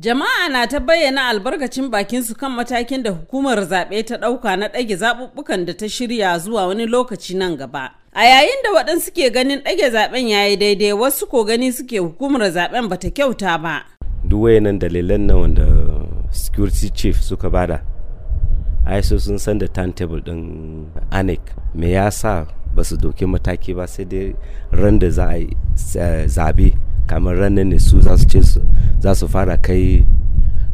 Jama'a na ta bayyana albarkacin bakinsu kan matakin da hukumar zaɓe ta ɗauka na ɗage zaɓuɓɓukan da ta shirya zuwa wani lokaci nan gaba. A yayin da waɗansu suke ganin ɗage zaɓen ya yi daidai wasu ko gani suke hukumar zaɓen ba ta kyauta ba. Duk wayannan dalilan na wanda security chief suka bada, ISO sun san da timetable ɗin ANEC. Me ya sa ba su doki mataki ba sai dai ran da za a yi eh, zaɓe kamar ranar ne su za su ce su za su fara kai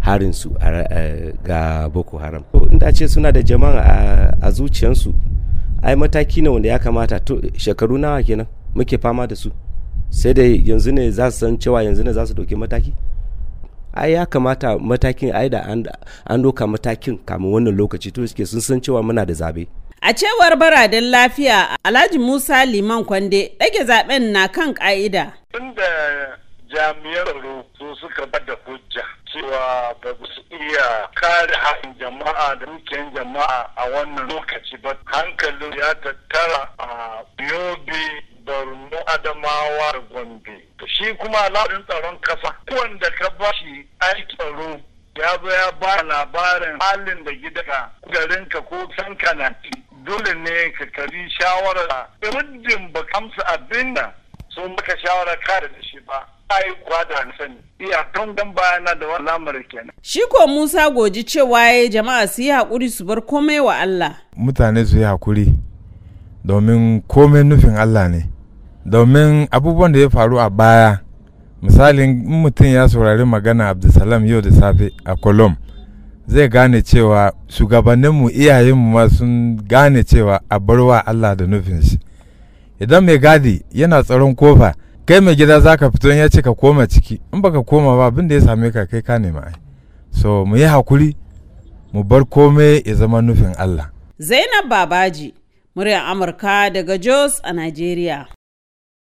harinsu eh, ga boko haram inda ce suna da jama'a a zuciyarsu ai mataki ne wanda ya kamata to shekaru nawa kenan muke fama da su sai dai yanzu ne za su san cewa yanzu ne za su ɗauki mataki ai ya kamata matakin ai da an doka matakin kamun wannan lokaci to suke sun san cewa muna da zabe a cewar baradin lafiya alhaji musa liman kwande ɗage zaben na kan ƙa'ida tun kare haɗin jama'a da rukin jama'a a wannan lokaci ba hankalin ya tattara a yobe borno adamawa da gombe shi kuma al'adun tsaron kasa wanda ka ba shi aiki tsaro ya zo ba labarin halin da gidanka garinka ko sanka na dole ne ka kari shawara muddin ba kamsa abin da sun baka shawara kare da shi ba shiko Shi ko Musa goji cewa ya jama'a su yi haƙuri su bar komai wa Allah. Mutane su yi haƙuri domin komai nufin Allah ne. Domin abubuwan da ya faru a baya misalin in mutum ya saurari magana Abdulsalam yau da safe a kolom zai gane cewa shugabanninmu iyayenmu ma sun gane cewa a barwa Allah da nufin shi. Idan mai gadi yana tsaron kofa kai mai gida za ka fito ya ce ka koma ciki in baka koma ba abin da ya same ka kai ka nema ai so mu yi hakuri mu bar komai ya zama nufin Allah Zainab Babaji muryar Amurka daga Jos a nigeria.